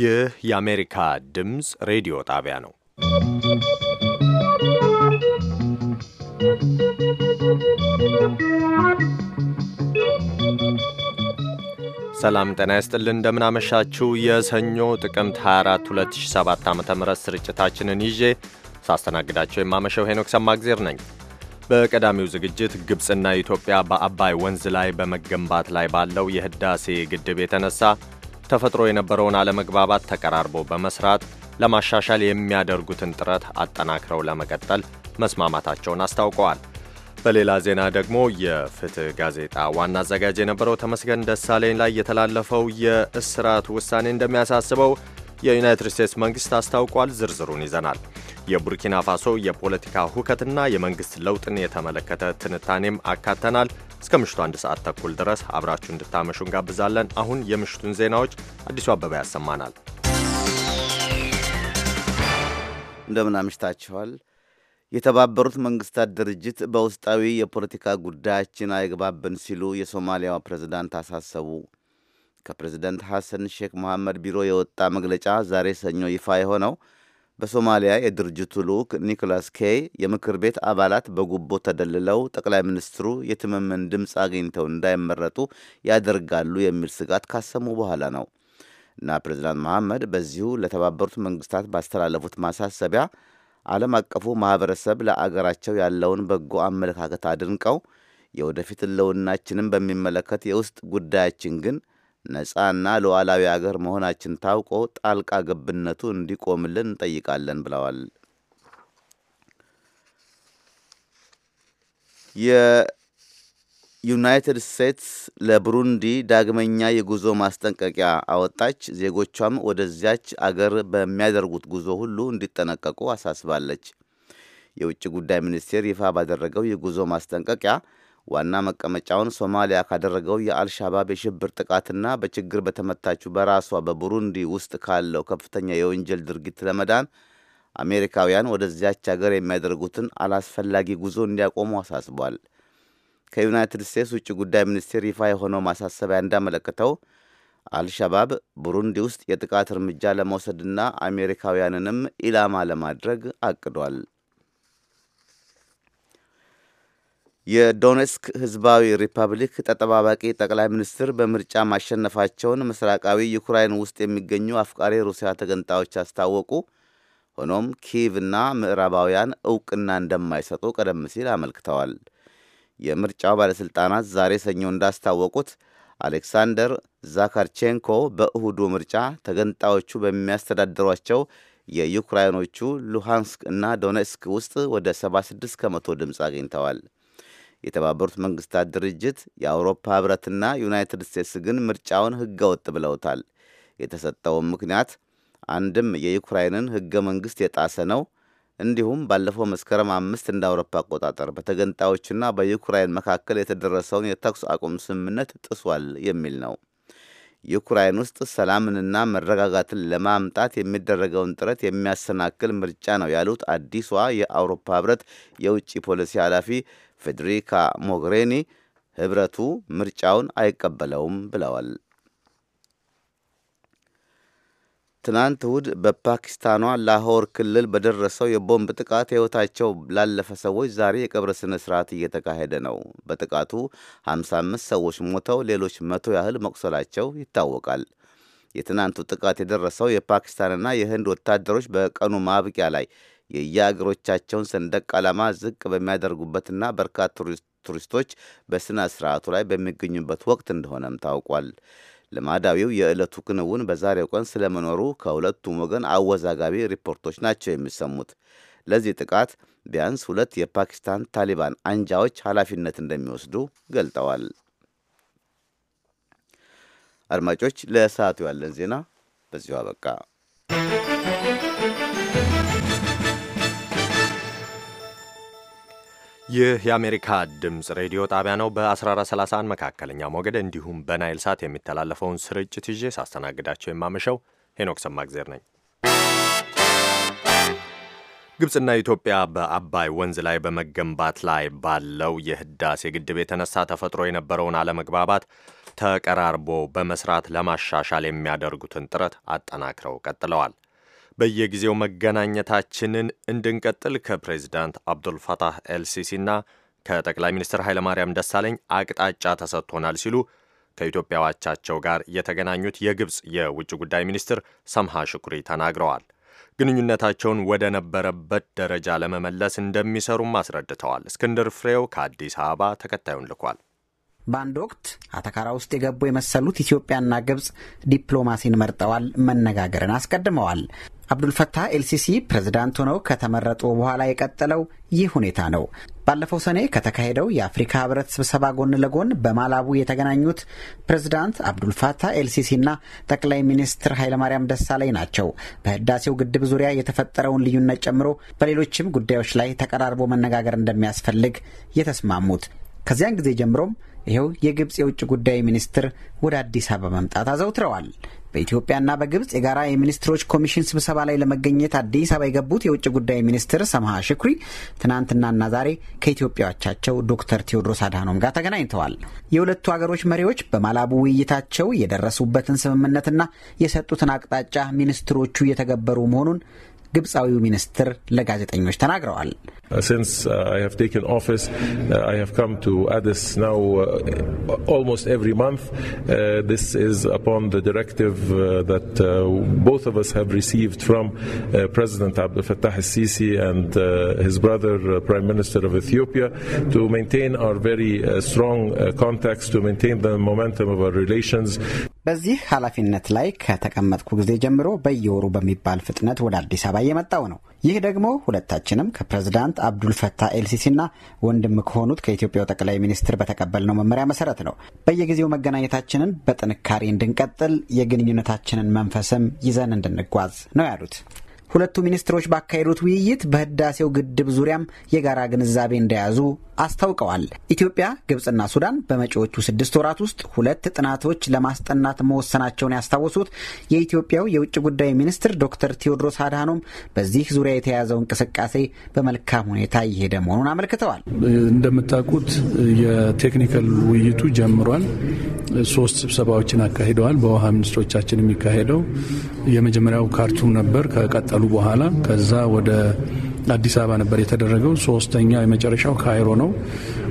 ይህ የአሜሪካ ድምፅ ሬዲዮ ጣቢያ ነው። ሰላም ጤና ይስጥልን። እንደምናመሻችው የሰኞ ጥቅምት 24 2007 ዓ ም ስርጭታችንን ይዤ ሳስተናግዳቸው የማመሸው ሄኖክ ሰማግዜር ነኝ። በቀዳሚው ዝግጅት ግብፅና ኢትዮጵያ በአባይ ወንዝ ላይ በመገንባት ላይ ባለው የህዳሴ ግድብ የተነሳ ተፈጥሮ የነበረውን አለመግባባት ተቀራርቦ በመስራት ለማሻሻል የሚያደርጉትን ጥረት አጠናክረው ለመቀጠል መስማማታቸውን አስታውቀዋል። በሌላ ዜና ደግሞ የፍትህ ጋዜጣ ዋና አዘጋጅ የነበረው ተመስገን ደሳለኝ ላይ የተላለፈው የእስራት ውሳኔ እንደሚያሳስበው የዩናይትድ ስቴትስ መንግሥት አስታውቋል። ዝርዝሩን ይዘናል። የቡርኪና ፋሶ የፖለቲካ ሁከትና የመንግሥት ለውጥን የተመለከተ ትንታኔም አካተናል። እስከ ምሽቱ አንድ ሰዓት ተኩል ድረስ አብራችሁ እንድታመሹ እንጋብዛለን። አሁን የምሽቱን ዜናዎች አዲሱ አበባ ያሰማናል። እንደምን አምሽታችኋል። የተባበሩት መንግስታት ድርጅት በውስጣዊ የፖለቲካ ጉዳያችን አይግባብን ሲሉ የሶማሊያዋ ፕሬዝዳንት አሳሰቡ። ከፕሬዝደንት ሐሰን ሼክ መሐመድ ቢሮ የወጣ መግለጫ ዛሬ ሰኞ ይፋ የሆነው በሶማሊያ የድርጅቱ ልዑክ ኒኮላስ ኬይ የምክር ቤት አባላት በጉቦ ተደልለው ጠቅላይ ሚኒስትሩ የትምምን ድምፅ አግኝተው እንዳይመረጡ ያደርጋሉ የሚል ስጋት ካሰሙ በኋላ ነው እና ፕሬዚዳንት መሐመድ በዚሁ ለተባበሩት መንግስታት ባስተላለፉት ማሳሰቢያ ዓለም አቀፉ ማህበረሰብ ለአገራቸው ያለውን በጎ አመለካከት አድንቀው የወደፊት ለውናችንም በሚመለከት የውስጥ ጉዳያችን ግን ነፃና ሉዓላዊ አገር መሆናችን ታውቆ ጣልቃ ገብነቱ እንዲቆምልን እንጠይቃለን ብለዋል። የዩናይትድ ስቴትስ ለብሩንዲ ዳግመኛ የጉዞ ማስጠንቀቂያ አወጣች። ዜጎቿም ወደዚያች አገር በሚያደርጉት ጉዞ ሁሉ እንዲጠነቀቁ አሳስባለች። የውጭ ጉዳይ ሚኒስቴር ይፋ ባደረገው የጉዞ ማስጠንቀቂያ ዋና መቀመጫውን ሶማሊያ ካደረገው የአልሻባብ የሽብር ጥቃትና በችግር በተመታችው በራሷ በቡሩንዲ ውስጥ ካለው ከፍተኛ የወንጀል ድርጊት ለመዳን አሜሪካውያን ወደዚያች ሀገር የሚያደርጉትን አላስፈላጊ ጉዞ እንዲያቆሙ አሳስቧል። ከዩናይትድ ስቴትስ ውጭ ጉዳይ ሚኒስቴር ይፋ የሆነው ማሳሰቢያ እንዳመለከተው አልሻባብ ቡሩንዲ ውስጥ የጥቃት እርምጃ ለመውሰድና አሜሪካውያንንም ኢላማ ለማድረግ አቅዷል። የዶኔትስክ ህዝባዊ ሪፐብሊክ ተጠባባቂ ጠቅላይ ሚኒስትር በምርጫ ማሸነፋቸውን ምስራቃዊ ዩክራይን ውስጥ የሚገኙ አፍቃሪ ሩሲያ ተገንጣዮች አስታወቁ። ሆኖም እና ምዕራባውያን እውቅና እንደማይሰጡ ቀደም ሲል አመልክተዋል። የምርጫው ባለሥልጣናት ዛሬ ሰኞ እንዳስታወቁት አሌክሳንደር ዛካርቼንኮ በእሁዱ ምርጫ ተገንጣዮቹ በሚያስተዳድሯቸው የዩክራይኖቹ ሉሃንስክ እና ዶኔትስክ ውስጥ ወደ 76 ከመቶ ድምፅ አግኝተዋል። የተባበሩት መንግስታት ድርጅት የአውሮፓ ህብረትና ዩናይትድ ስቴትስ ግን ምርጫውን ህገ ወጥ ብለውታል። የተሰጠውም ምክንያት አንድም የዩክራይንን ህገ መንግስት የጣሰ ነው፣ እንዲሁም ባለፈው መስከረም አምስት እንደ አውሮፓ አቆጣጠር በተገንጣዮችና በዩክራይን መካከል የተደረሰውን የተኩስ አቁም ስምምነት ጥሷል የሚል ነው። ዩክራይን ውስጥ ሰላምንና መረጋጋትን ለማምጣት የሚደረገውን ጥረት የሚያሰናክል ምርጫ ነው ያሉት አዲሷ የአውሮፓ ህብረት የውጭ ፖሊሲ ኃላፊ ፌዴሪካ ሞግሬኒ ህብረቱ ምርጫውን አይቀበለውም ብለዋል። ትናንት እሁድ በፓኪስታኗ ላሆር ክልል በደረሰው የቦምብ ጥቃት ሕይወታቸው ላለፈ ሰዎች ዛሬ የቀብር ሥነ ሥርዓት እየተካሄደ ነው። በጥቃቱ 55 ሰዎች ሞተው ሌሎች መቶ ያህል መቁሰላቸው ይታወቃል። የትናንቱ ጥቃት የደረሰው የፓኪስታንና የህንድ ወታደሮች በቀኑ ማብቂያ ላይ የየአገሮቻቸውን ሰንደቅ ዓላማ ዝቅ በሚያደርጉበትና በርካታ ቱሪስቶች በሥነ ሥርዓቱ ላይ በሚገኙበት ወቅት እንደሆነም ታውቋል። ልማዳዊው የዕለቱ ክንውን በዛሬው ቀን ስለመኖሩ ከሁለቱም ወገን አወዛጋቢ ሪፖርቶች ናቸው የሚሰሙት። ለዚህ ጥቃት ቢያንስ ሁለት የፓኪስታን ታሊባን አንጃዎች ኃላፊነት እንደሚወስዱ ገልጠዋል። አድማጮች፣ ለሰዓቱ ያለን ዜና በዚሁ አበቃ። ይህ የአሜሪካ ድምፅ ሬዲዮ ጣቢያ ነው። በ1431 መካከለኛ ሞገድ እንዲሁም በናይል ሳት የሚተላለፈውን ስርጭት ይዤ ሳስተናግዳቸው የማመሸው ሄኖክ ሰማግዜር ነኝ። ግብፅና ኢትዮጵያ በአባይ ወንዝ ላይ በመገንባት ላይ ባለው የህዳሴ ግድብ የተነሳ ተፈጥሮ የነበረውን አለመግባባት ተቀራርቦ በመስራት ለማሻሻል የሚያደርጉትን ጥረት አጠናክረው ቀጥለዋል። በየጊዜው መገናኘታችንን እንድንቀጥል ከፕሬዚዳንት አብዱልፈታህ ኤልሲሲና ከጠቅላይ ሚኒስትር ኃይለማርያም ደሳለኝ አቅጣጫ ተሰጥቶናል ሲሉ ከኢትዮጵያ አቻቸው ጋር የተገናኙት የግብፅ የውጭ ጉዳይ ሚኒስትር ሰምሃ ሽኩሪ ተናግረዋል። ግንኙነታቸውን ወደ ነበረበት ደረጃ ለመመለስ እንደሚሰሩም አስረድተዋል። እስክንድር ፍሬው ከአዲስ አበባ ተከታዩን ልኳል። በአንድ ወቅት አተካራ ውስጥ የገቡ የመሰሉት ኢትዮጵያና ግብፅ ዲፕሎማሲን መርጠዋል፣ መነጋገርን አስቀድመዋል። አብዱልፈታህ ኤልሲሲ ፕሬዝዳንት ሆነው ከተመረጡ በኋላ የቀጠለው ይህ ሁኔታ ነው። ባለፈው ሰኔ ከተካሄደው የአፍሪካ ህብረት ስብሰባ ጎን ለጎን በማላቡ የተገናኙት ፕሬዝዳንት አብዱልፋታህ ኤልሲሲና ጠቅላይ ሚኒስትር ኃይለማርያም ደሳለኝ ናቸው። በህዳሴው ግድብ ዙሪያ የተፈጠረውን ልዩነት ጨምሮ በሌሎችም ጉዳዮች ላይ ተቀራርቦ መነጋገር እንደሚያስፈልግ የተስማሙት ከዚያን ጊዜ ጀምሮም ይኸው የግብፅ የውጭ ጉዳይ ሚኒስትር ወደ አዲስ አበባ መምጣት አዘውትረዋል። በኢትዮጵያና በግብፅ የጋራ የሚኒስትሮች ኮሚሽን ስብሰባ ላይ ለመገኘት አዲስ አበባ የገቡት የውጭ ጉዳይ ሚኒስትር ሰምሃ ሽኩሪ ትናንትናና ዛሬ ከኢትዮጵያዎቻቸው ዶክተር ቴዎድሮስ አድሃኖም ጋር ተገናኝተዋል። የሁለቱ ሀገሮች መሪዎች በማላቡ ውይይታቸው የደረሱበትን ስምምነትና የሰጡትን አቅጣጫ ሚኒስትሮቹ እየተገበሩ መሆኑን ግብፃዊው ሚኒስትር ለጋዜጠኞች ተናግረዋል። Since uh, I have taken office, uh, I have come to Addis now uh, almost every month. this is upon the directive that both of us have received from President Abdel Fattah el sisi and his brother, Prime Minister of Ethiopia, to maintain our very strong contacts, to maintain the momentum of our relations. በዚህ ኃላፊነት ላይ ከተቀመጥኩ ጊዜ ጀምሮ በየወሩ በሚባል ፍጥነት ወደ አዲስ አበባ እየመጣው ነው። ይህ ደግሞ ሁለታችንም ከፕሬዝዳንት አብዱልፈታህ ኤልሲሲና ወንድም ከሆኑት ከኢትዮጵያው ጠቅላይ ሚኒስትር በተቀበልነው መመሪያ መሰረት ነው። በየጊዜው መገናኘታችንን በጥንካሬ እንድንቀጥል የግንኙነታችንን መንፈስም ይዘን እንድንጓዝ ነው ያሉት። ሁለቱ ሚኒስትሮች ባካሄዱት ውይይት በህዳሴው ግድብ ዙሪያም የጋራ ግንዛቤ እንደያዙ አስታውቀዋል። ኢትዮጵያ፣ ግብጽና ሱዳን በመጪዎቹ ስድስት ወራት ውስጥ ሁለት ጥናቶች ለማስጠናት መወሰናቸውን ያስታወሱት የኢትዮጵያው የውጭ ጉዳይ ሚኒስትር ዶክተር ቴዎድሮስ አድሃኖም በዚህ ዙሪያ የተያዘው እንቅስቃሴ በመልካም ሁኔታ እየሄደ መሆኑን አመልክተዋል። እንደምታውቁት የቴክኒካል ውይይቱ ጀምሯል። ሶስት ስብሰባዎችን አካሂደዋል። በውሃ ሚኒስትሮቻችን የሚካሄደው የመጀመሪያው ካርቱም ነበር። ከቀጠሉ በኋላ ከዛ ወደ አዲስ አበባ ነበር የተደረገው። ሶስተኛ የመጨረሻው ካይሮ ነው።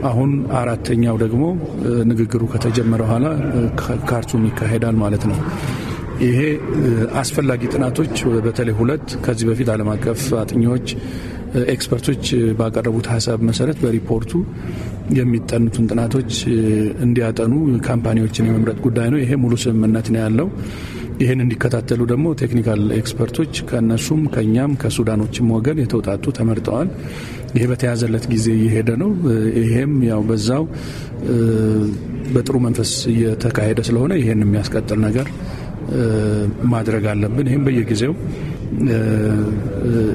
አሁን አራተኛው ደግሞ ንግግሩ ከተጀመረ በኋላ ካርቱም ይካሄዳል ማለት ነው። ይሄ አስፈላጊ ጥናቶች በተለይ ሁለት ከዚህ በፊት ዓለም አቀፍ አጥኚዎች ኤክስፐርቶች ባቀረቡት ሀሳብ መሰረት በሪፖርቱ የሚጠኑትን ጥናቶች እንዲያጠኑ ካምፓኒዎችን የመምረጥ ጉዳይ ነው። ይሄ ሙሉ ስምምነት ነው ያለው። ይህን እንዲከታተሉ ደግሞ ቴክኒካል ኤክስፐርቶች ከእነሱም ከእኛም ከሱዳኖችም ወገን የተውጣጡ ተመርጠዋል። ይሄ በተያዘለት ጊዜ እየሄደ ነው። ይሄም ያው በዛው በጥሩ መንፈስ እየተካሄደ ስለሆነ ይሄን የሚያስቀጥል ነገር ማድረግ አለብን። ይህም በየጊዜው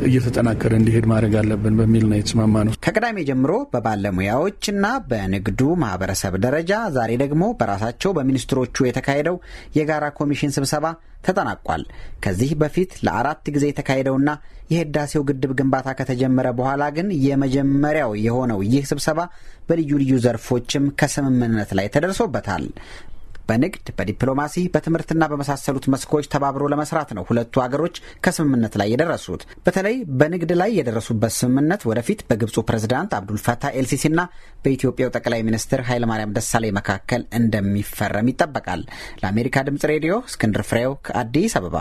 እየተጠናከረ እንዲሄድ ማድረግ አለብን በሚል ነው የተስማማ ነው። ከቅዳሜ ጀምሮ በባለሙያዎች እና በንግዱ ማህበረሰብ ደረጃ ዛሬ ደግሞ በራሳቸው በሚኒስትሮቹ የተካሄደው የጋራ ኮሚሽን ስብሰባ ተጠናቋል። ከዚህ በፊት ለአራት ጊዜ የተካሄደውና የህዳሴው ግድብ ግንባታ ከተጀመረ በኋላ ግን የመጀመሪያው የሆነው ይህ ስብሰባ በልዩ ልዩ ዘርፎችም ከስምምነት ላይ ተደርሶበታል። በንግድ፣ በዲፕሎማሲ፣ በትምህርትና በመሳሰሉት መስኮች ተባብሮ ለመስራት ነው ሁለቱ ሀገሮች ከስምምነት ላይ የደረሱት። በተለይ በንግድ ላይ የደረሱበት ስምምነት ወደፊት በግብፁ ፕሬዝዳንት አብዱልፈታህ ኤልሲሲና በኢትዮጵያው ጠቅላይ ሚኒስትር ኃይለማርያም ደሳለኝ መካከል እንደሚፈረም ይጠበቃል። ለአሜሪካ ድምጽ ሬዲዮ እስክንድር ፍሬው ከአዲስ አበባ።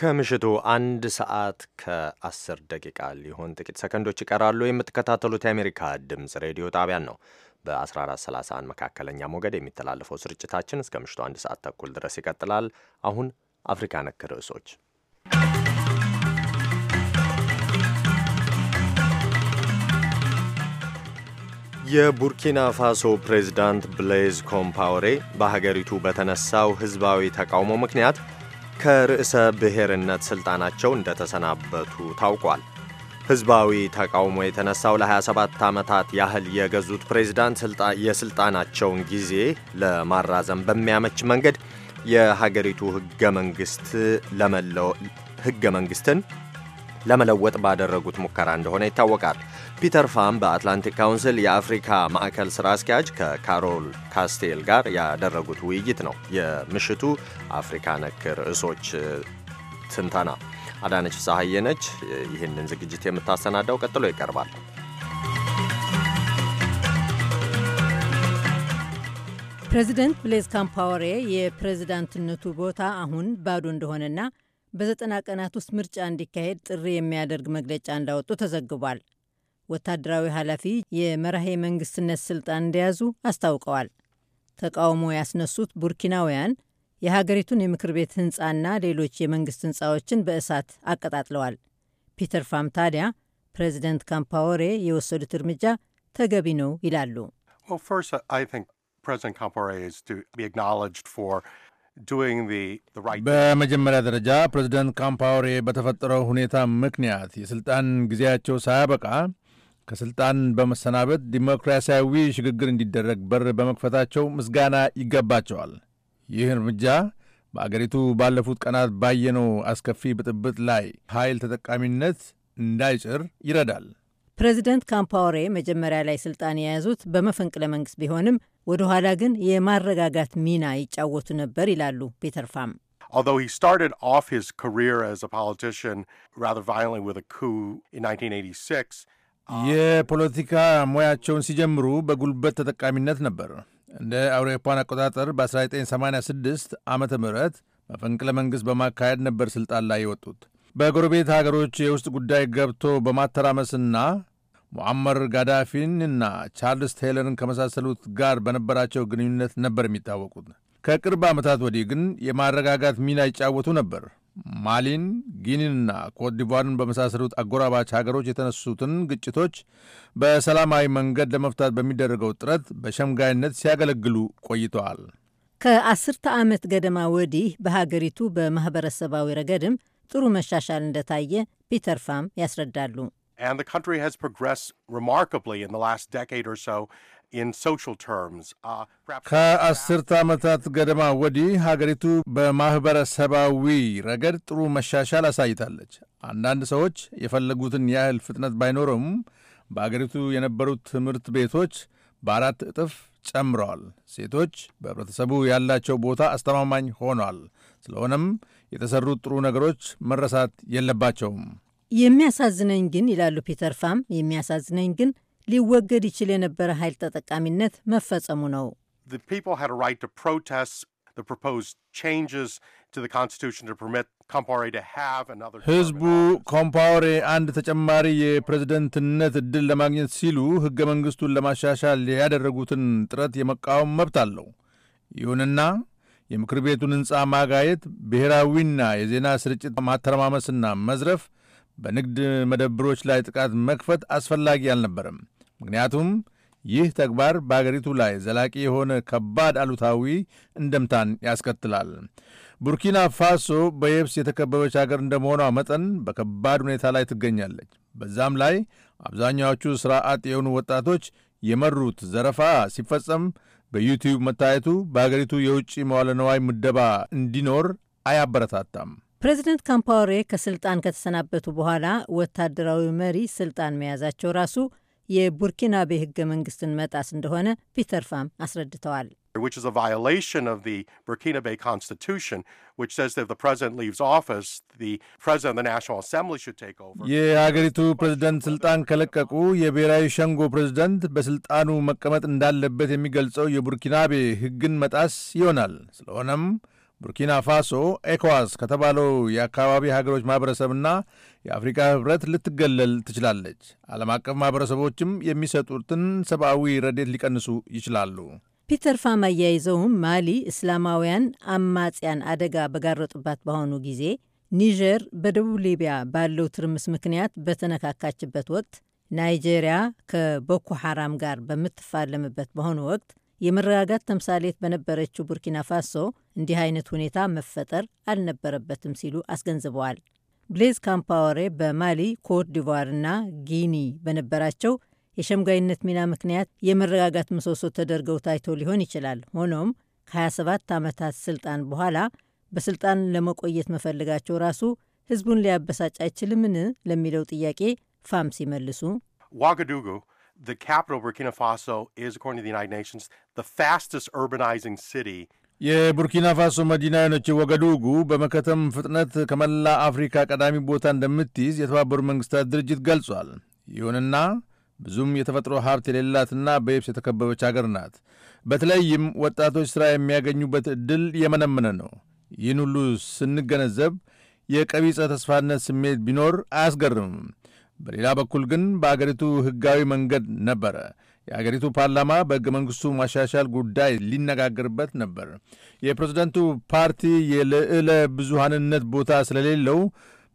ከምሽቱ አንድ ሰዓት ከአስር ደቂቃ ሊሆን ጥቂት ሰከንዶች ይቀራሉ። የምትከታተሉት የአሜሪካ ድምፅ ሬዲዮ ጣቢያን ነው። በ1431 መካከለኛ ሞገድ የሚተላለፈው ስርጭታችን እስከ ምሽቱ አንድ ሰዓት ተኩል ድረስ ይቀጥላል። አሁን አፍሪካ ነክ ርዕሶች የቡርኪና ፋሶ ፕሬዝዳንት ብሌዝ ኮምፓውሬ በሀገሪቱ በተነሳው ሕዝባዊ ተቃውሞ ምክንያት ከርዕሰ ብሔርነት ሥልጣናቸው እንደተሰናበቱ ታውቋል። ህዝባዊ ተቃውሞ የተነሳው ለ27 ዓመታት ያህል የገዙት ፕሬዝዳንት የሥልጣናቸውን ጊዜ ለማራዘም በሚያመች መንገድ የሀገሪቱ ህገ መንግስት ህገ መንግስትን ለመለወጥ ባደረጉት ሙከራ እንደሆነ ይታወቃል። ፒተር ፋም በአትላንቲክ ካውንስል የአፍሪካ ማዕከል ሥራ አስኪያጅ ከካሮል ካስቴል ጋር ያደረጉት ውይይት ነው የምሽቱ አፍሪካ ነክ ርዕሶች ትንተና። አዳነች ሳሀዬ ነች ይህንን ዝግጅት የምታሰናዳው። ቀጥሎ ይቀርባል። ፕሬዚደንት ብሌዝ ካምፓወሬ የፕሬዝዳንትነቱ ቦታ አሁን ባዶ እንደሆነና በዘጠና ቀናት ውስጥ ምርጫ እንዲካሄድ ጥሪ የሚያደርግ መግለጫ እንዳወጡ ተዘግቧል። ወታደራዊ ኃላፊ የመራሄ መንግስትነት ስልጣን እንደያዙ አስታውቀዋል። ተቃውሞ ያስነሱት ቡርኪናውያን የሀገሪቱን የምክር ቤት ህንፃና ሌሎች የመንግስት ህንፃዎችን በእሳት አቀጣጥለዋል። ፒተር ፋም ታዲያ ፕሬዚደንት ካምፓወሬ የወሰዱት እርምጃ ተገቢ ነው ይላሉ። በመጀመሪያ ደረጃ ፕሬዚደንት ካምፓወሬ በተፈጠረው ሁኔታ ምክንያት የሥልጣን ጊዜያቸው ሳያበቃ ከሥልጣን በመሰናበት ዲሞክራሲያዊ ሽግግር እንዲደረግ በር በመክፈታቸው ምስጋና ይገባቸዋል። ይህ እርምጃ በአገሪቱ ባለፉት ቀናት ባየነው አስከፊ ብጥብጥ ላይ ኃይል ተጠቃሚነት እንዳይጭር ይረዳል። ፕሬዚደንት ካምፓወሬ መጀመሪያ ላይ ስልጣን የያዙት በመፈንቅለ መንግስት ቢሆንም ወደ ኋላ ግን የማረጋጋት ሚና ይጫወቱ ነበር ይላሉ ፒተር ፋም። የፖለቲካ ሙያቸውን ሲጀምሩ በጉልበት ተጠቃሚነት ነበር። እንደ አውሮፓን አቆጣጠር በ1986 ዓመተ ምህረት መፈንቅለ መንግሥት በማካሄድ ነበር ሥልጣን ላይ የወጡት። በጎረቤት ሀገሮች የውስጥ ጉዳይ ገብቶ በማተራመስና ጋዳፊን እና ቻርልስ ቴይለርን ከመሳሰሉት ጋር በነበራቸው ግንኙነት ነበር የሚታወቁት። ከቅርብ ዓመታት ወዲህ ግን የማረጋጋት ሚና ይጫወቱ ነበር። ማሊን፣ ጊኒንና ኮትዲቯርን በመሳሰሉት አጎራባች ሀገሮች የተነሱትን ግጭቶች በሰላማዊ መንገድ ለመፍታት በሚደረገው ጥረት በሸምጋይነት ሲያገለግሉ ቆይተዋል። ከአስርተ ዓመት ገደማ ወዲህ በሀገሪቱ በማኅበረሰባዊ ረገድም ጥሩ መሻሻል እንደታየ ፒተር ፋም ያስረዳሉ። Uh, ከአስርተ ዓመታት ገደማ ወዲህ ሀገሪቱ በማኅበረሰባዊ ረገድ ጥሩ መሻሻል አሳይታለች። አንዳንድ ሰዎች የፈለጉትን ያህል ፍጥነት ባይኖረውም በአገሪቱ የነበሩት ትምህርት ቤቶች በአራት እጥፍ ጨምረዋል። ሴቶች በህብረተሰቡ ያላቸው ቦታ አስተማማኝ ሆኗል። ስለሆነም የተሰሩት ጥሩ ነገሮች መረሳት የለባቸውም። የሚያሳዝነኝ ግን ይላሉ ፒተር ፋም፣ የሚያሳዝነኝ ግን ሊወገድ ይችል የነበረ ኃይል ተጠቃሚነት መፈጸሙ ነው። ህዝቡ ኮምፓወሬ አንድ ተጨማሪ የፕሬዝደንትነት ዕድል ለማግኘት ሲሉ ሕገ መንግሥቱን ለማሻሻል ያደረጉትን ጥረት የመቃወም መብት አለው። ይሁንና የምክር ቤቱን ሕንፃ ማጋየት፣ ብሔራዊና የዜና ስርጭት ማተረማመስና መዝረፍ፣ በንግድ መደብሮች ላይ ጥቃት መክፈት አስፈላጊ አልነበረም። ምክንያቱም ይህ ተግባር በአገሪቱ ላይ ዘላቂ የሆነ ከባድ አሉታዊ እንደምታን ያስከትላል። ቡርኪና ፋሶ በየብስ የተከበበች አገር እንደመሆኗ መጠን በከባድ ሁኔታ ላይ ትገኛለች። በዛም ላይ አብዛኛዎቹ ሥራ አጥ የሆኑ ወጣቶች የመሩት ዘረፋ ሲፈጸም በዩቲዩብ መታየቱ በአገሪቱ የውጭ መዋለ ነዋይ ምደባ እንዲኖር አያበረታታም። ፕሬዚደንት ካምፓወሬ ከስልጣን ከተሰናበቱ በኋላ ወታደራዊ መሪ ስልጣን መያዛቸው ራሱ የቡርኪናቤ ህገ መንግስትን መጣስ እንደሆነ ፒተር ፋም አስረድተዋል። which is a violation of the Burkina Bay Constitution, which says that if the president leaves office, the president of the National Assembly should take over. የአገሪቱ ፕሬዝደንት ስልጣን ከለቀቁ የብሔራዊ ሸንጎ ፕሬዝደንት በስልጣኑ መቀመጥ እንዳለበት የሚገልጸው የቡርኪናቤ ህግን መጣስ ይሆናል። ስለሆነም ቡርኪና ፋሶ ኤኮዋስ ከተባለው የአካባቢ ሀገሮች ማኅበረሰብና የአፍሪካ ኅብረት ልትገለል ትችላለች። ዓለም አቀፍ ማኅበረሰቦችም የሚሰጡትን ሰብአዊ ረዴት ሊቀንሱ ይችላሉ። ፒተር ፋም አያይዘውም ማሊ እስላማውያን አማጽያን አደጋ በጋረጡባት በአሁኑ ጊዜ ኒጀር በደቡብ ሊቢያ ባለው ትርምስ ምክንያት በተነካካችበት ወቅት ናይጄሪያ ከቦኮ ሐራም ጋር በምትፋለምበት በአሁኑ ወቅት የመረጋጋት ተምሳሌት በነበረችው ቡርኪና ፋሶ እንዲህ አይነት ሁኔታ መፈጠር አልነበረበትም ሲሉ አስገንዝበዋል። ብሌዝ ካምፓወሬ በማሊ ኮት ዲቯርና ጊኒ በነበራቸው የሸምጋይነት ሚና ምክንያት የመረጋጋት ምሰሶ ተደርገው ታይቶ ሊሆን ይችላል። ሆኖም ከ27 ዓመታት ስልጣን በኋላ በስልጣን ለመቆየት መፈለጋቸው ራሱ ህዝቡን ሊያበሳጭ አይችልምን? ለሚለው ጥያቄ ፋም ሲመልሱ ዋጋዱጉ the capital, Burkina Faso, is, according to the United Nations, the fastest urbanizing city የቡርኪና ፋሶ መዲና የሆነችው ወገዱጉ በመከተም ፍጥነት ከመላ አፍሪካ ቀዳሚ ቦታ እንደምትይዝ የተባበሩ መንግስታት ድርጅት ገልጿል። ይሁንና ብዙም የተፈጥሮ ሀብት የሌላትና በየብስ የተከበበች አገር ናት። በተለይም ወጣቶች ሥራ የሚያገኙበት ዕድል የመነመነ ነው። ይህን ሁሉ ስንገነዘብ የቀቢጸ ተስፋነት ስሜት ቢኖር አያስገርምም። በሌላ በኩል ግን በአገሪቱ ሕጋዊ መንገድ ነበረ። የአገሪቱ ፓርላማ በሕገ መንግሥቱ ማሻሻል ጉዳይ ሊነጋገርበት ነበር። የፕሬዝደንቱ ፓርቲ የልዕለ ብዙሃንነት ቦታ ስለሌለው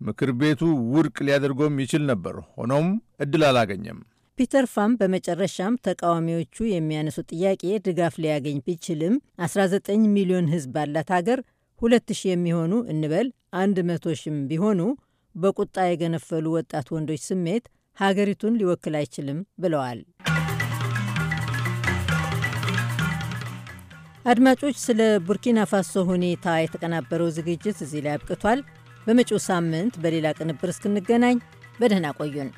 ምክር ቤቱ ውድቅ ሊያደርጎም ይችል ነበር። ሆኖም እድል አላገኘም። ፒተር ፋም በመጨረሻም ተቃዋሚዎቹ የሚያነሱ ጥያቄ ድጋፍ ሊያገኝ ቢችልም 19 ሚሊዮን ሕዝብ ባላት ሀገር 2 የሚሆኑ እንበል 100 ሺህም ቢሆኑ በቁጣ የገነፈሉ ወጣት ወንዶች ስሜት ሀገሪቱን ሊወክል አይችልም ብለዋል። አድማጮች፣ ስለ ቡርኪና ፋሶ ሁኔታ የተቀናበረው ዝግጅት እዚህ ላይ አብቅቷል። በመጪው ሳምንት በሌላ ቅንብር እስክንገናኝ በደህና ቆዩን።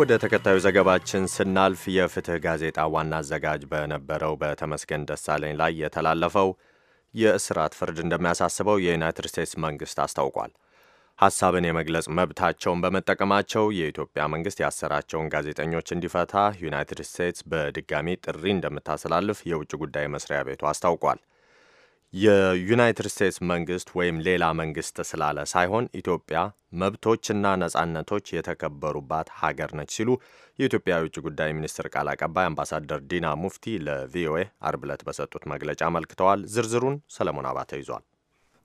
ወደ ተከታዩ ዘገባችን ስናልፍ የፍትህ ጋዜጣ ዋና አዘጋጅ በነበረው በተመስገን ደሳለኝ ላይ የተላለፈው የእስራት ፍርድ እንደሚያሳስበው የዩናይትድ ስቴትስ መንግስት አስታውቋል። ሀሳብን የመግለጽ መብታቸውን በመጠቀማቸው የኢትዮጵያ መንግስት ያሰራቸውን ጋዜጠኞች እንዲፈታ ዩናይትድ ስቴትስ በድጋሚ ጥሪ እንደምታስተላልፍ የውጭ ጉዳይ መስሪያ ቤቱ አስታውቋል። የዩናይትድ ስቴትስ መንግስት ወይም ሌላ መንግስት ስላለ ሳይሆን ኢትዮጵያ መብቶችና ነጻነቶች የተከበሩባት ሀገር ነች ሲሉ የኢትዮጵያ የውጭ ጉዳይ ሚኒስትር ቃል አቀባይ አምባሳደር ዲና ሙፍቲ ለቪኦኤ አርብ ዕለት በሰጡት መግለጫ አመልክተዋል። ዝርዝሩን ሰለሞን አባተ ይዟል።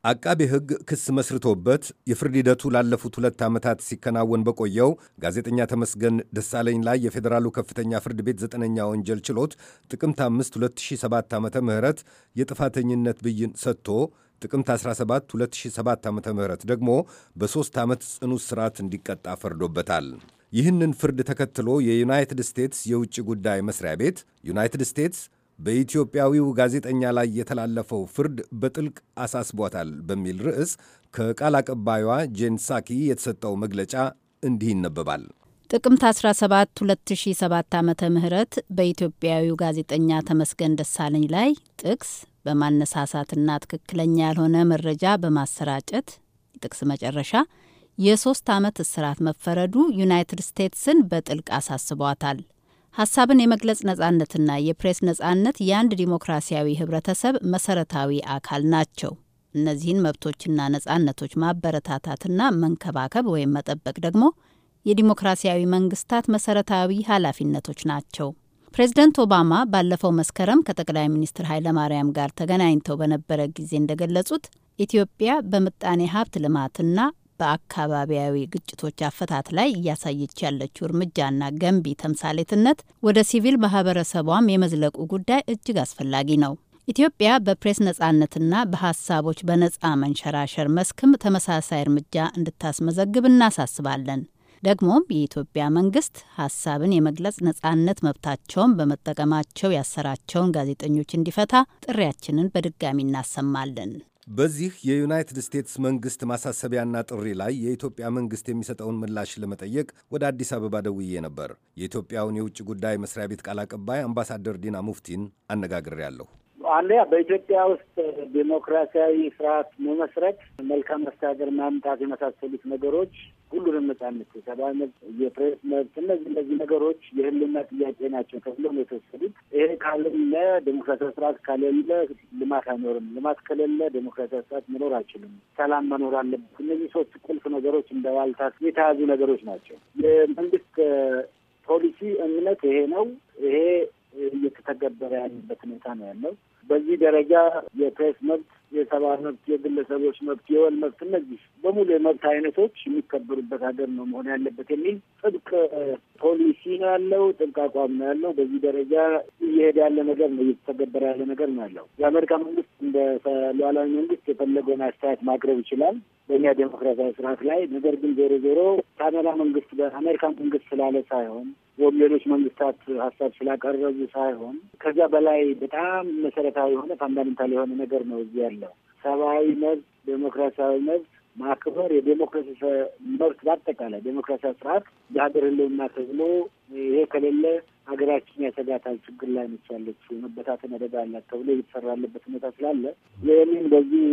አቃቤ ሕግ ክስ መስርቶበት የፍርድ ሂደቱ ላለፉት ሁለት ዓመታት ሲከናወን በቆየው ጋዜጠኛ ተመስገን ደሳለኝ ላይ የፌዴራሉ ከፍተኛ ፍርድ ቤት ዘጠነኛ ወንጀል ችሎት ጥቅምት 5 2007 ዓ ም የጥፋተኝነት ብይን ሰጥቶ ጥቅምት 17 2007 ዓ ም ደግሞ በሦስት ዓመት ጽኑ እስራት እንዲቀጣ ፈርዶበታል። ይህንን ፍርድ ተከትሎ የዩናይትድ ስቴትስ የውጭ ጉዳይ መስሪያ ቤት ዩናይትድ ስቴትስ በኢትዮጵያዊው ጋዜጠኛ ላይ የተላለፈው ፍርድ በጥልቅ አሳስቧታል በሚል ርዕስ ከቃል አቀባዩዋ ጄንሳኪ የተሰጠው መግለጫ እንዲህ ይነበባል። ጥቅምት 17 2007 ዓ ም በኢትዮጵያዊው ጋዜጠኛ ተመስገን ደሳለኝ ላይ ጥቅስ በማነሳሳትና ትክክለኛ ያልሆነ መረጃ በማሰራጨት ጥቅስ መጨረሻ የሶስት ዓመት እስራት መፈረዱ ዩናይትድ ስቴትስን በጥልቅ አሳስቧታል። ሀሳብን የመግለጽ ነጻነትና የፕሬስ ነጻነት የአንድ ዲሞክራሲያዊ ህብረተሰብ መሰረታዊ አካል ናቸው። እነዚህን መብቶችና ነጻነቶች ማበረታታትና መንከባከብ ወይም መጠበቅ ደግሞ የዲሞክራሲያዊ መንግስታት መሰረታዊ ኃላፊነቶች ናቸው። ፕሬዝደንት ኦባማ ባለፈው መስከረም ከጠቅላይ ሚኒስትር ኃይለማርያም ጋር ተገናኝተው በነበረ ጊዜ እንደገለጹት ኢትዮጵያ በምጣኔ ሀብት ልማትና በአካባቢያዊ ግጭቶች አፈታት ላይ እያሳየች ያለችው እርምጃና ገንቢ ተምሳሌትነት ወደ ሲቪል ማህበረሰቧም የመዝለቁ ጉዳይ እጅግ አስፈላጊ ነው። ኢትዮጵያ በፕሬስ ነጻነትና በሀሳቦች በነጻ መንሸራሸር መስክም ተመሳሳይ እርምጃ እንድታስመዘግብ እናሳስባለን። ደግሞም የኢትዮጵያ መንግስት ሀሳብን የመግለጽ ነጻነት መብታቸውን በመጠቀማቸው ያሰራቸውን ጋዜጠኞች እንዲፈታ ጥሪያችንን በድጋሚ እናሰማለን። በዚህ የዩናይትድ ስቴትስ መንግስት ማሳሰቢያና ጥሪ ላይ የኢትዮጵያ መንግስት የሚሰጠውን ምላሽ ለመጠየቅ ወደ አዲስ አበባ ደውዬ ነበር። የኢትዮጵያውን የውጭ ጉዳይ መስሪያ ቤት ቃል አቀባይ አምባሳደር ዲና ሙፍቲን አነጋግሬያለሁ። አንደኛ በኢትዮጵያ ውስጥ ዴሞክራሲያዊ ስርዓት መመስረት፣ መልካም መስተዳደር ማምጣት የመሳሰሉት ነገሮች ሁሉንም ነጻነት፣ የሰብአዊ መብት፣ የፕሬስ መብት እነዚህ እነዚህ ነገሮች የህልና ጥያቄ ናቸው ተብሎ ነው የተወሰዱት። ይሄ ካለ ዴሞክራሲያዊ ስርዓት ካለለ ልማት አይኖርም። ልማት ከሌለ ዴሞክራሲያዊ ስርዓት መኖር አይችልም። ሰላም መኖር አለበት። እነዚህ ሶስት ቁልፍ ነገሮች እንደ ዋልታ የተያዙ ነገሮች ናቸው። የመንግስት ፖሊሲ እምነት ይሄ ነው። ይሄ እየተተገበረ ያለበት ሁኔታ ነው ያለው። በዚህ ደረጃ የፕሬስ መብት፣ የሰብአዊ መብት፣ የግለሰቦች መብት፣ የወል መብት፣ እነዚህ በሙሉ የመብት አይነቶች የሚከበሩበት ሀገር ነው መሆን ያለበት የሚል ጥብቅ ፖሊሲ ነው ያለው፣ ጥብቅ አቋም ነው ያለው። በዚህ ደረጃ እየሄደ ያለ ነገር ነው፣ እየተተገበረ ያለ ነገር ነው ያለው። የአሜሪካ መንግስት እንደ ሉዓላዊ መንግስት የፈለገውን አስተያየት ማቅረብ ይችላል በእኛ ዴሞክራሲያዊ ስርዓት ላይ። ነገር ግን ዜሮ ዜሮ ከአሜሪካ መንግስት ጋር አሜሪካ መንግስት ስላለ ሳይሆን ወይም ሌሎች መንግስታት ሀሳብ ስላቀረቡ ሳይሆን ከዚያ በላይ በጣም መሰረታዊ የሆነ ፋንዳሜንታል የሆነ ነገር ነው እዚህ ያለው ሰብአዊ መብት፣ ዴሞክራሲያዊ መብት ማክበር የዴሞክራሲ መብት በአጠቃላይ ዴሞክራሲያዊ ስርዓት የሀገር ህልውና ተብሎ ይሄ ከሌለ ሀገራችን ያሰጋታል ችግር ላይ ነች ያለችው መበታተን አደጋ አላት ተብሎ እየተሰራ ያለበት ሁኔታ ስላለ ይህንን በዚህ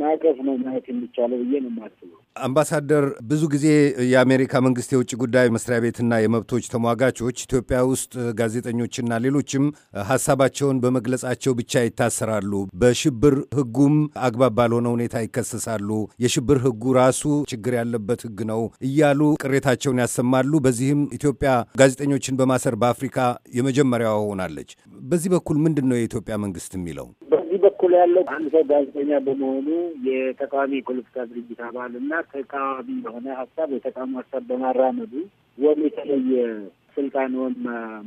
ማዕቀፍ ነው ማየት የሚቻለው ብዬ ነው የማስበው። አምባሳደር፣ ብዙ ጊዜ የአሜሪካ መንግስት የውጭ ጉዳይ መስሪያ ቤትና የመብቶች ተሟጋቾች ኢትዮጵያ ውስጥ ጋዜጠኞችና ሌሎችም ሀሳባቸውን በመግለጻቸው ብቻ ይታሰራሉ፣ በሽብር ህጉም አግባብ ባልሆነ ሁኔታ ይከሰሳሉ፣ የሽብር ህጉ ራሱ ችግር ያለበት ህግ ነው እያሉ ቅሬታቸውን ያሰማሉ። በዚህም ኢትዮጵያ ጋዜጠኞችን በማሰር በአፍሪካ የመጀመሪያዋ ሆናለች። በዚህ በኩል ምንድን ነው የኢትዮጵያ መንግስት የሚለው? በዚህ በኩል ያለው አንድ ሰው ጋዜጠኛ በመሆኑ የተቃዋሚ የፖለቲካ ድርጅት አባል እና ተቃዋሚ የሆነ ሀሳብ የተቃውሞ ሀሳብ በማራመዱ ወይም የተለየ ስልጣን ወይም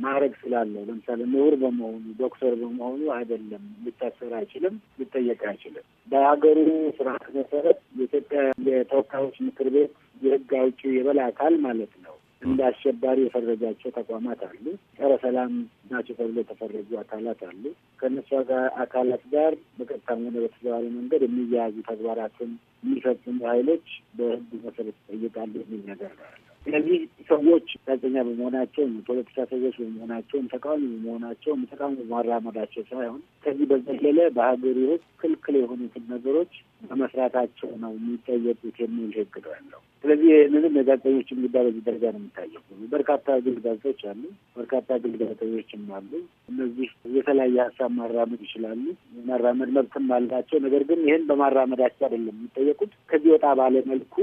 ማዕረግ ስላለው ለምሳሌ ምሁር በመሆኑ ዶክተር በመሆኑ አይደለም ሊታሰር አይችልም፣ ሊጠየቅ አይችልም። በሀገሩ ስርዓት መሰረት የኢትዮጵያ የተወካዮች ምክር ቤት የህግ አውጪው የበላይ አካል ማለት ነው እንደ አሸባሪ የፈረጃቸው ተቋማት አሉ። ጸረ ሰላም ናቸው ተብሎ የተፈረጁ አካላት አሉ። ከእነሱ አካላት ጋር በቀጥታም ሆነ በተዘዋዋሪ መንገድ የሚያያዙ ተግባራትን የሚፈጽሙ ኃይሎች በህግ መሰረት ይጠይቃሉ የሚል ነገር ነው። ስለዚህ ሰዎች ጋዜጠኛ በመሆናቸው የፖለቲካ ሰዎች በመሆናቸውም ተቃዋሚ በመሆናቸውም ተቃዋሚ በማራመዳቸው ሳይሆን ከዚህ በዘለለ በሀገሪ ውስጥ ክልክል የሆኑትን ነገሮች በመስራታቸው ነው የሚጠየቁት የሚል ህግ ነው ያለው። ስለዚህ ይህንንም የጋዜጠኞችን ጉዳይ በዚህ ደረጃ ነው የሚታየው። በርካታ ግል ጋዜጦች አሉ፣ በርካታ ግል ጋዜጠኞችም አሉ። እነዚህ የተለያየ ሀሳብ ማራመድ ይችላሉ፣ ማራመድ መብትም አላቸው። ነገር ግን ይህን በማራመዳቸው አይደለም የሚጠየቁት ከዚህ ወጣ ባለ መልኩ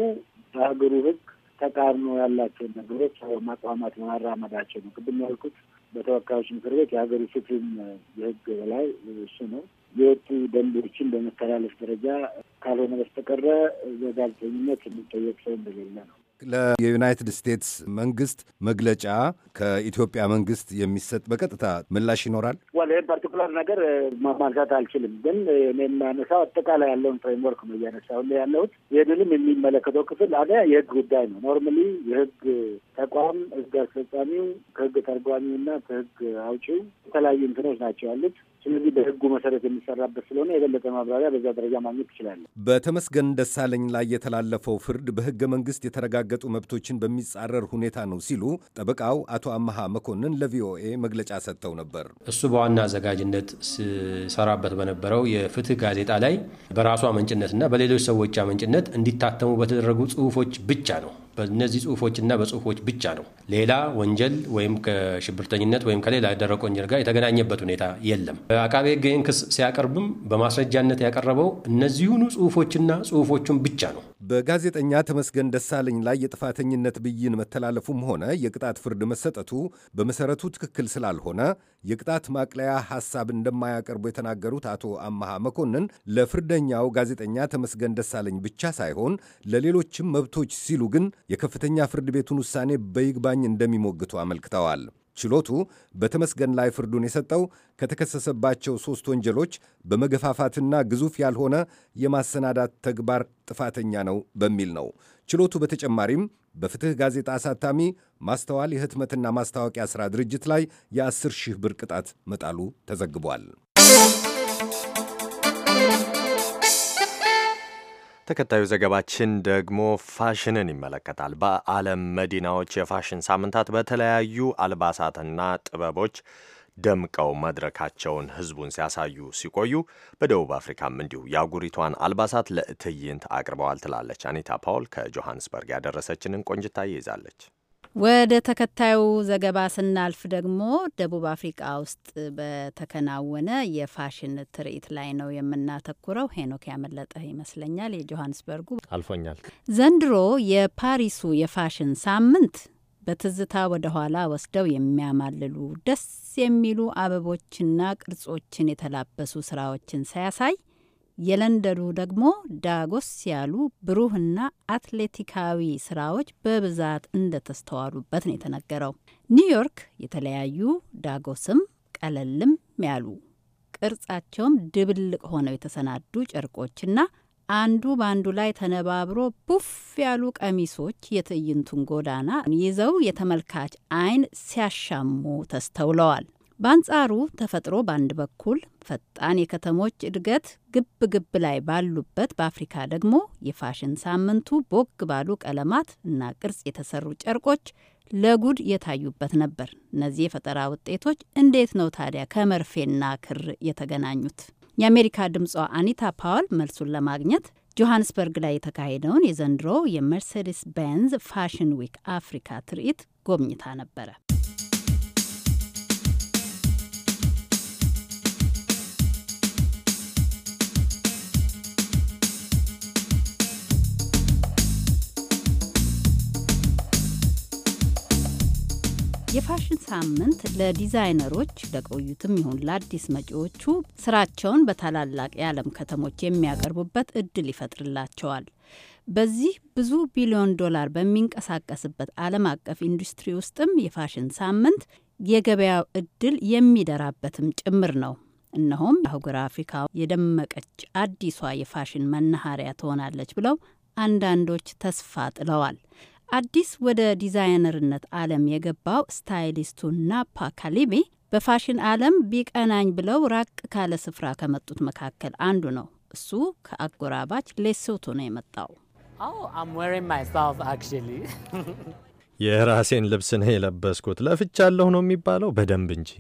በሀገሩ ህግ ተቃርኖ ያላቸውን ነገሮች ማቋማት ማራመዳቸው ነው። ቅድም ያልኩት በተወካዮች ምክር ቤት የሀገሩ ሱፕሪም የህግ በላይ እሱ ነው። የወጡ ደንቦችን በመተላለፍ ደረጃ ካልሆነ በስተቀረ በጋዜጠኝነት የሚጠየቅ ሰው እንደሌለ ነው። ለዩናይትድ ስቴትስ መንግስት መግለጫ ከኢትዮጵያ መንግስት የሚሰጥ በቀጥታ ምላሽ ይኖራል? ይህም ፓርቲኩላር ነገር ማንሳት አልችልም፣ ግን እኔ የማነሳው አጠቃላይ ያለውን ፍሬምወርክ ነው እያነሳሁ ያለሁት። ይህንንም የሚመለከተው ክፍል አ የህግ ጉዳይ ነው። ኖርማሊ የህግ ተቋም ህግ አስፈጻሚው ከህግ ተርጓሚው እና ከህግ አውጪው የተለያዩ እንትኖች ናቸው ያሉት ስለዚህ በህጉ መሰረት የሚሰራበት ስለሆነ የበለጠ ማብራሪያ በዛ ደረጃ ማግኘት ትችላለን። በተመስገን ደሳለኝ ላይ የተላለፈው ፍርድ በህገ መንግስት የተረጋገጡ መብቶችን በሚጻረር ሁኔታ ነው ሲሉ ጠበቃው አቶ አመሃ መኮንን ለቪኦኤ መግለጫ ሰጥተው ነበር። እሱ በዋና አዘጋጅነት ሲሰራበት በነበረው የፍትህ ጋዜጣ ላይ በራሷ አመንጭነትና በሌሎች ሰዎች ምንጭነት እንዲታተሙ በተደረጉ ጽሁፎች ብቻ ነው በእነዚህ ጽሁፎችና በጽሁፎች ብቻ ነው። ሌላ ወንጀል ወይም ከሽብርተኝነት ወይም ከሌላ ደረቅ ወንጀል ጋር የተገናኘበት ሁኔታ የለም። አቃቤ ሕግ ይህን ክስ ሲያቀርብም በማስረጃነት ያቀረበው እነዚሁኑ ጽሁፎችና ጽሁፎቹን ብቻ ነው። በጋዜጠኛ ተመስገን ደሳለኝ ላይ የጥፋተኝነት ብይን መተላለፉም ሆነ የቅጣት ፍርድ መሰጠቱ በመሰረቱ ትክክል ስላልሆነ የቅጣት ማቅለያ ሐሳብ እንደማያቀርቡ የተናገሩት አቶ አመሃ መኮንን ለፍርደኛው ጋዜጠኛ ተመስገን ደሳለኝ ብቻ ሳይሆን ለሌሎችም መብቶች ሲሉ ግን የከፍተኛ ፍርድ ቤቱን ውሳኔ በይግባኝ እንደሚሞግቱ አመልክተዋል። ችሎቱ በተመስገን ላይ ፍርዱን የሰጠው ከተከሰሰባቸው ሦስት ወንጀሎች በመገፋፋትና ግዙፍ ያልሆነ የማሰናዳት ተግባር ጥፋተኛ ነው በሚል ነው። ችሎቱ በተጨማሪም በፍትሕ ጋዜጣ አሳታሚ ማስተዋል የህትመትና ማስታወቂያ ሥራ ድርጅት ላይ የአስር ሺህ ብር ቅጣት መጣሉ ተዘግቧል። ተከታዩ ዘገባችን ደግሞ ፋሽንን ይመለከታል። በዓለም መዲናዎች የፋሽን ሳምንታት በተለያዩ አልባሳትና ጥበቦች ደምቀው መድረካቸውን ህዝቡን ሲያሳዩ ሲቆዩ፣ በደቡብ አፍሪካም እንዲሁ የአጉሪቷን አልባሳት ለትዕይንት አቅርበዋል ትላለች አኒታ ፓውል ከጆሃንስበርግ ያደረሰችንን ቆንጅታ ይይዛለች። ወደ ተከታዩ ዘገባ ስናልፍ ደግሞ ደቡብ አፍሪቃ ውስጥ በተከናወነ የፋሽን ትርኢት ላይ ነው የምናተኩረው። ሄኖክ ያመለጠ ይመስለኛል። የጆሀንስበርጉ አልፎኛል። ዘንድሮ የፓሪሱ የፋሽን ሳምንት በትዝታ ወደ ኋላ ወስደው የሚያማልሉ ደስ የሚሉ አበቦችና ቅርጾችን የተላበሱ ስራዎችን ሳያሳይ የለንደኑ ደግሞ ዳጎስ ያሉ ብሩህና አትሌቲካዊ ስራዎች በብዛት እንደተስተዋሉበት ነው የተነገረው። ኒውዮርክ የተለያዩ ዳጎስም ቀለልም ያሉ ቅርጻቸውም ድብልቅ ሆነው የተሰናዱ ጨርቆችና አንዱ በአንዱ ላይ ተነባብሮ ቡፍ ያሉ ቀሚሶች የትዕይንቱን ጎዳና ይዘው የተመልካች አይን ሲያሻሙ ተስተውለዋል። በአንጻሩ ተፈጥሮ በአንድ በኩል ፈጣን የከተሞች እድገት ግብ ግብ ላይ ባሉበት በአፍሪካ ደግሞ የፋሽን ሳምንቱ ቦግ ባሉ ቀለማት እና ቅርጽ የተሰሩ ጨርቆች ለጉድ የታዩበት ነበር። እነዚህ የፈጠራ ውጤቶች እንዴት ነው ታዲያ ከመርፌና ክር የተገናኙት? የአሜሪካ ድምጿ አኒታ ፓውል መልሱን ለማግኘት ጆሃንስበርግ ላይ የተካሄደውን የዘንድሮ የመርሴዲስ ቤንዝ ፋሽን ዊክ አፍሪካ ትርኢት ጎብኝታ ነበረ። ሳምንት ለዲዛይነሮች ለቆዩትም ይሁን ለአዲስ መጪዎቹ ስራቸውን በታላላቅ የዓለም ከተሞች የሚያቀርቡበት እድል ይፈጥርላቸዋል። በዚህ ብዙ ቢሊዮን ዶላር በሚንቀሳቀስበት ዓለም አቀፍ ኢንዱስትሪ ውስጥም የፋሽን ሳምንት የገበያው እድል የሚደራበትም ጭምር ነው። እነሆም አህጉረ አፍሪካ የደመቀች አዲሷ የፋሽን መናኸሪያ ትሆናለች ብለው አንዳንዶች ተስፋ ጥለዋል። አዲስ ወደ ዲዛይነርነት ዓለም የገባው ስታይሊስቱ ናፓ ካሊቢ በፋሽን ዓለም ቢቀናኝ ብለው ራቅ ካለ ስፍራ ከመጡት መካከል አንዱ ነው። እሱ ከአጎራባች ሌሶቶ ነው የመጣው። oh, የራሴን ልብስ ነው የለበስኩት። ለፍቻለሁ ነው የሚባለው በደንብ እንጂ።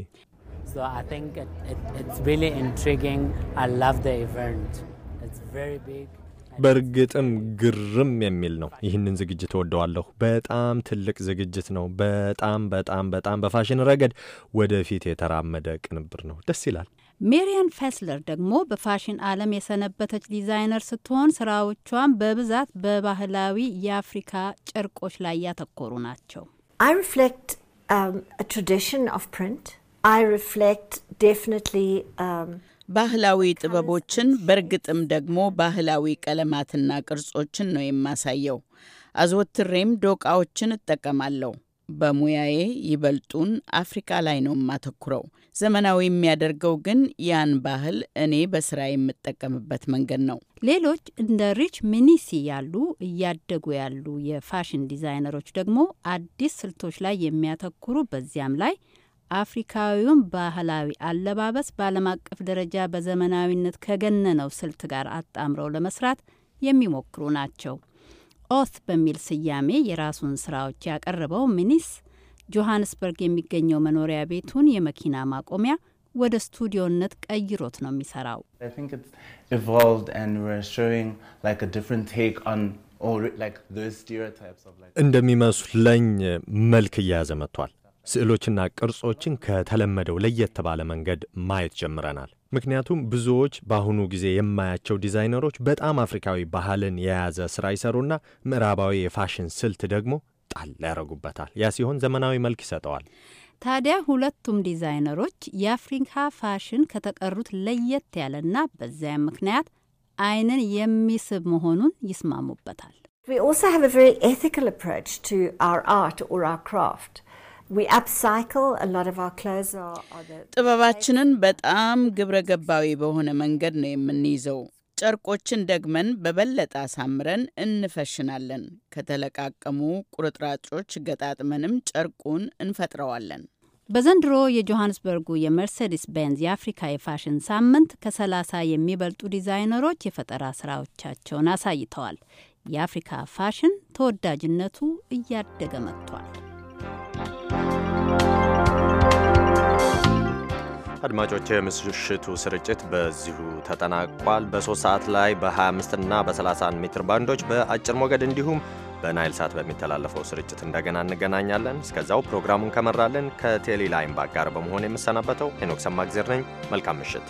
በእርግጥም ግርም የሚል ነው። ይህንን ዝግጅት ወደዋለሁ በጣም ትልቅ ዝግጅት ነው። በጣም በጣም በጣም በፋሽን ረገድ ወደፊት የተራመደ ቅንብር ነው። ደስ ይላል። ሜሪያን ፌስለር ደግሞ በፋሽን ዓለም የሰነበተች ዲዛይነር ስትሆን ስራዎቿን በብዛት በባህላዊ የአፍሪካ ጨርቆች ላይ ያተኮሩ ናቸው። I reflect um, a ባህላዊ ጥበቦችን በእርግጥም ደግሞ ባህላዊ ቀለማትና ቅርጾችን ነው የማሳየው። አዘወትሬም ዶቃዎችን እጠቀማለሁ። በሙያዬ ይበልጡን አፍሪካ ላይ ነው የማተኩረው። ዘመናዊ የሚያደርገው ግን ያን ባህል እኔ በስራ የምጠቀምበት መንገድ ነው። ሌሎች እንደ ሪች ሚኒሲ ያሉ እያደጉ ያሉ የፋሽን ዲዛይነሮች ደግሞ አዲስ ስልቶች ላይ የሚያተኩሩ በዚያም ላይ አፍሪካዊውን ባህላዊ አለባበስ በዓለም አቀፍ ደረጃ በዘመናዊነት ከገነነው ስልት ጋር አጣምረው ለመስራት የሚሞክሩ ናቸው። ኦት በሚል ስያሜ የራሱን ስራዎች ያቀረበው ሚኒስ ጆሃንስበርግ የሚገኘው መኖሪያ ቤቱን የመኪና ማቆሚያ ወደ ስቱዲዮነት ቀይሮት ነው የሚሰራው። እንደሚመስለኝ መልክ እየያዘ መጥቷል። ስዕሎችና ቅርጾችን ከተለመደው ለየት ባለ መንገድ ማየት ጀምረናል። ምክንያቱም ብዙዎች በአሁኑ ጊዜ የማያቸው ዲዛይነሮች በጣም አፍሪካዊ ባህልን የያዘ ስራ ይሰሩና ምዕራባዊ የፋሽን ስልት ደግሞ ጣል ያደረጉበታል። ያ ሲሆን ዘመናዊ መልክ ይሰጠዋል። ታዲያ ሁለቱም ዲዛይነሮች የአፍሪካ ፋሽን ከተቀሩት ለየት ያለና በዚያም ምክንያት አይንን የሚስብ መሆኑን ይስማሙበታል። We also have a very ethical approach to our art or our craft. ጥበባችንን በጣም ግብረ ገባዊ በሆነ መንገድ ነው የምንይዘው። ጨርቆችን ደግመን በበለጠ አሳምረን እንፈሽናለን። ከተለቃቀሙ ቁርጥራጮች ገጣጥመንም ጨርቁን እንፈጥረዋለን። በዘንድሮ የጆሃንስበርጉ የመርሴዲስ ቤንዝ የአፍሪካ የፋሽን ሳምንት ከሰላሳ የሚበልጡ ዲዛይነሮች የፈጠራ ስራዎቻቸውን አሳይተዋል። የአፍሪካ ፋሽን ተወዳጅነቱ እያደገ መጥቷል። አድማጮች የምሽቱ ስርጭት በዚሁ ተጠናቋል። በሶስት ሰዓት ላይ በ25 እና በ31 ሜትር ባንዶች በአጭር ሞገድ እንዲሁም በናይል ሳት በሚተላለፈው ስርጭት እንደገና እንገናኛለን። እስከዛው ፕሮግራሙን ከመራልን ከቴሌ ላይምባክ ጋር በመሆን የምሰናበተው ሄኖክ ሰማግዜር ነኝ። መልካም ምሽት።